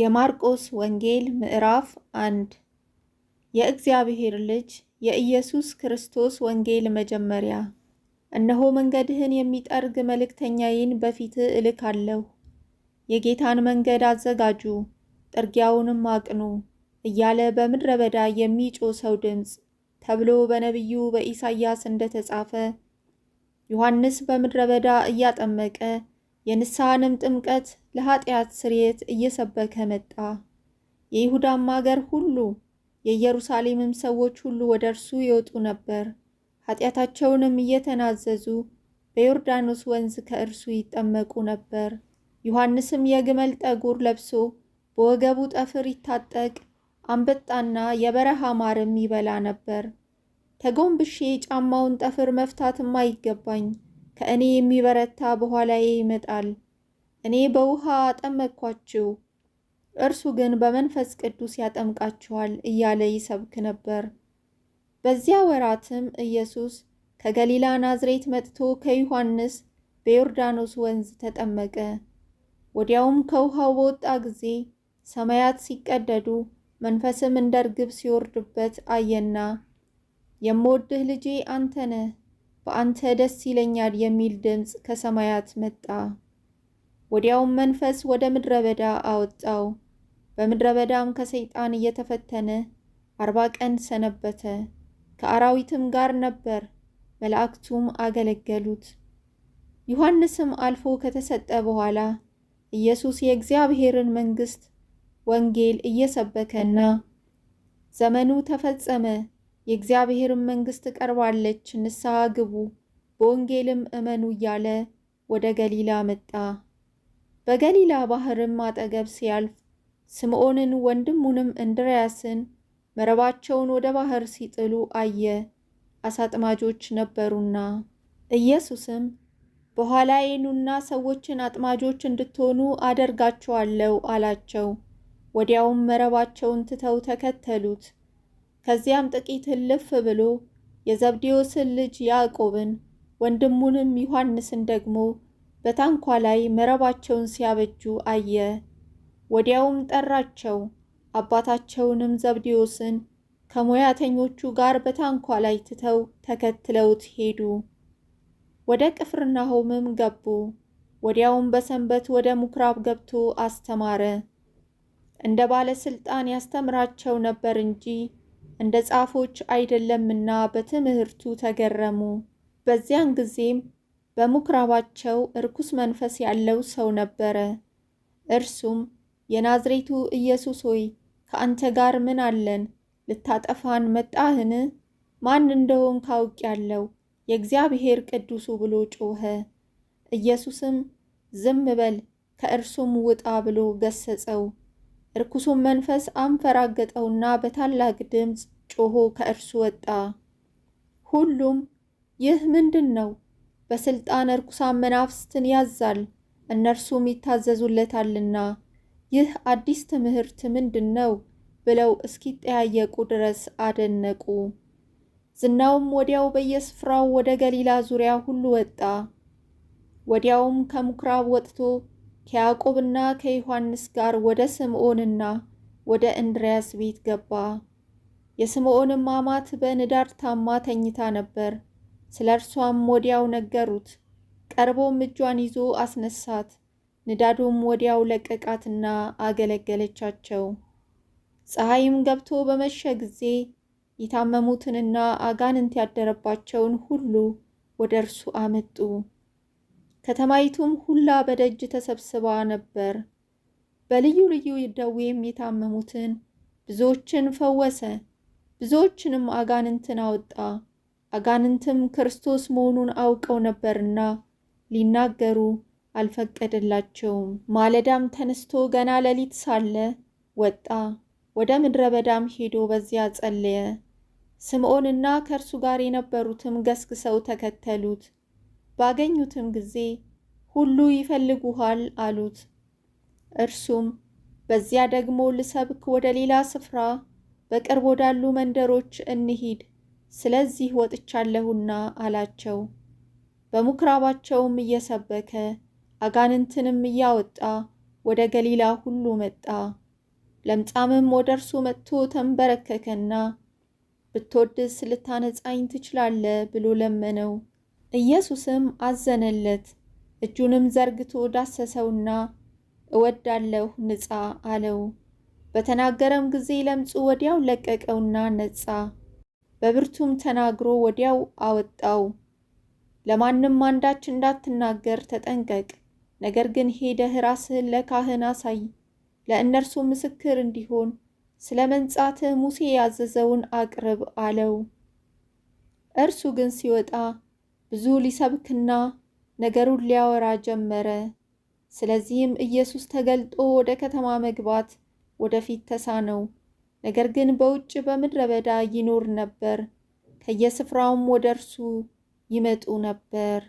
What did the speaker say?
የማርቆስ ወንጌል ምዕራፍ አንድ የእግዚአብሔር ልጅ የኢየሱስ ክርስቶስ ወንጌል መጀመሪያ። እነሆ መንገድህን የሚጠርግ መልእክተኛዬን በፊትህ እልካለሁ። የጌታን መንገድ አዘጋጁ፣ ጥርጊያውንም አቅኑ እያለ በምድረ በዳ የሚጮ ሰው ድምፅ ተብሎ በነቢዩ በኢሳይያስ እንደተጻፈ ዮሐንስ በምድረ በዳ እያጠመቀ የንስሐንም ጥምቀት ለኃጢአት ስርየት እየሰበከ መጣ። የይሁዳም አገር ሁሉ የኢየሩሳሌምም ሰዎች ሁሉ ወደ እርሱ ይወጡ ነበር። ኃጢአታቸውንም እየተናዘዙ በዮርዳኖስ ወንዝ ከእርሱ ይጠመቁ ነበር። ዮሐንስም የግመል ጠጉር ለብሶ በወገቡ ጠፍር ይታጠቅ፣ አንበጣና የበረሃ ማርም ይበላ ነበር። ተጎንብሼ ጫማውን ጠፍር መፍታትም አይገባኝ ከእኔ የሚበረታ በኋላ ይመጣል። እኔ በውሃ አጠመቅኳችሁ፣ እርሱ ግን በመንፈስ ቅዱስ ያጠምቃችኋል እያለ ይሰብክ ነበር። በዚያ ወራትም ኢየሱስ ከገሊላ ናዝሬት መጥቶ ከዮሐንስ በዮርዳኖስ ወንዝ ተጠመቀ። ወዲያውም ከውሃው በወጣ ጊዜ ሰማያት ሲቀደዱ መንፈስም እንደ ርግብ ሲወርድበት አየና፣ የምወድህ ልጄ አንተ ነህ በአንተ ደስ ይለኛል የሚል ድምፅ ከሰማያት መጣ። ወዲያውም መንፈስ ወደ ምድረ በዳ አወጣው። በምድረ በዳም ከሰይጣን እየተፈተነ አርባ ቀን ሰነበተ። ከአራዊትም ጋር ነበር፣ መላእክቱም አገለገሉት። ዮሐንስም አልፎ ከተሰጠ በኋላ ኢየሱስ የእግዚአብሔርን መንግሥት ወንጌል እየሰበከና ዘመኑ ተፈጸመ የእግዚአብሔርን መንግሥት ቀርባለች፣ ንስሐ ግቡ፣ በወንጌልም እመኑ እያለ ወደ ገሊላ መጣ። በገሊላ ባሕርም አጠገብ ሲያልፍ ስምዖንን ወንድሙንም እንድርያስን መረባቸውን ወደ ባሕር ሲጥሉ አየ፣ አሳ አጥማጆች ነበሩና። ኢየሱስም በኋላዬ ኑና ሰዎችን አጥማጆች እንድትሆኑ አደርጋችኋለሁ አላቸው። ወዲያውም መረባቸውን ትተው ተከተሉት። ከዚያም ጥቂት እልፍ ብሎ የዘብዴዎስን ልጅ ያዕቆብን ወንድሙንም ዮሐንስን ደግሞ በታንኳ ላይ መረባቸውን ሲያበጁ አየ። ወዲያውም ጠራቸው። አባታቸውንም ዘብዴዎስን ከሙያተኞቹ ጋር በታንኳ ላይ ትተው ተከትለውት ሄዱ። ወደ ቅፍርናሆምም ገቡ። ወዲያውም በሰንበት ወደ ምኩራብ ገብቶ አስተማረ። እንደ ባለስልጣን ያስተምራቸው ነበር እንጂ እንደ ጻፎች አይደለምና በትምህርቱ ተገረሙ። በዚያን ጊዜም በምኩራባቸው እርኩስ መንፈስ ያለው ሰው ነበረ። እርሱም የናዝሬቱ ኢየሱስ ሆይ ከአንተ ጋር ምን አለን? ልታጠፋን መጣህን? ማን እንደሆን ካውቅ ያለው የእግዚአብሔር ቅዱሱ ብሎ ጮኸ። ኢየሱስም ዝም በል ከእርሱም ውጣ ብሎ ገሰጸው። እርኩሱን መንፈስ አንፈራገጠውና በታላቅ ድምፅ ጮሆ ከእርሱ ወጣ። ሁሉም ይህ ምንድን ነው? በስልጣን እርኩሳን መናፍስትን ያዛል፣ እነርሱም ይታዘዙለታልና ይህ አዲስ ትምህርት ምንድን ነው? ብለው እስኪጠያየቁ ድረስ አደነቁ። ዝናውም ወዲያው በየስፍራው ወደ ገሊላ ዙሪያ ሁሉ ወጣ። ወዲያውም ከምኩራብ ወጥቶ ከያዕቆብና ከዮሐንስ ጋር ወደ ስምዖንና ወደ እንድርያስ ቤት ገባ። የስምዖንም አማት በንዳድ ታማ ተኝታ ነበር። ስለ እርሷም ወዲያው ነገሩት። ቀርቦም እጇን ይዞ አስነሳት። ንዳዱም ወዲያው ለቀቃትና አገለገለቻቸው። ፀሐይም ገብቶ በመሸ ጊዜ የታመሙትንና አጋንንት ያደረባቸውን ሁሉ ወደ እርሱ አመጡ። ከተማይቱም ሁላ በደጅ ተሰብስባ ነበር። በልዩ ልዩ ደዌ የሚታመሙትን ብዙዎችን ፈወሰ፣ ብዙዎችንም አጋንንትን አወጣ። አጋንንትም ክርስቶስ መሆኑን አውቀው ነበርና ሊናገሩ አልፈቀደላቸውም። ማለዳም ተነስቶ ገና ሌሊት ሳለ ወጣ፣ ወደ ምድረ በዳም ሄዶ በዚያ ጸለየ። ስምዖንና ከእርሱ ጋር የነበሩትም ገስግሰው ተከተሉት። ባገኙትም ጊዜ ሁሉ ይፈልጉሃል አሉት። እርሱም በዚያ ደግሞ ልሰብክ ወደ ሌላ ስፍራ በቅርብ ወዳሉ መንደሮች እንሂድ፣ ስለዚህ ወጥቻለሁና አላቸው። በሙክራባቸውም እየሰበከ አጋንንትንም እያወጣ ወደ ገሊላ ሁሉ መጣ። ለምጻምም ወደ እርሱ መጥቶ ተንበረከከና ብትወድስ ልታነጻኝ ትችላለህ ብሎ ለመነው። ኢየሱስም አዘነለት። እጁንም ዘርግቶ ዳሰሰውና እወዳለሁ ንጻ አለው። በተናገረም ጊዜ ለምጹ ወዲያው ለቀቀውና ነጻ። በብርቱም ተናግሮ ወዲያው አወጣው። ለማንም አንዳች እንዳትናገር ተጠንቀቅ፣ ነገር ግን ሄደህ ራስህን ለካህን አሳይ፣ ለእነርሱ ምስክር እንዲሆን ስለ መንጻትህ ሙሴ ያዘዘውን አቅርብ አለው። እርሱ ግን ሲወጣ ብዙ ሊሰብክና ነገሩን ሊያወራ ጀመረ። ስለዚህም ኢየሱስ ተገልጦ ወደ ከተማ መግባት ወደፊት ተሳነው። ነገር ግን በውጭ በምድረ በዳ ይኖር ነበር። ከየስፍራውም ወደ እርሱ ይመጡ ነበር።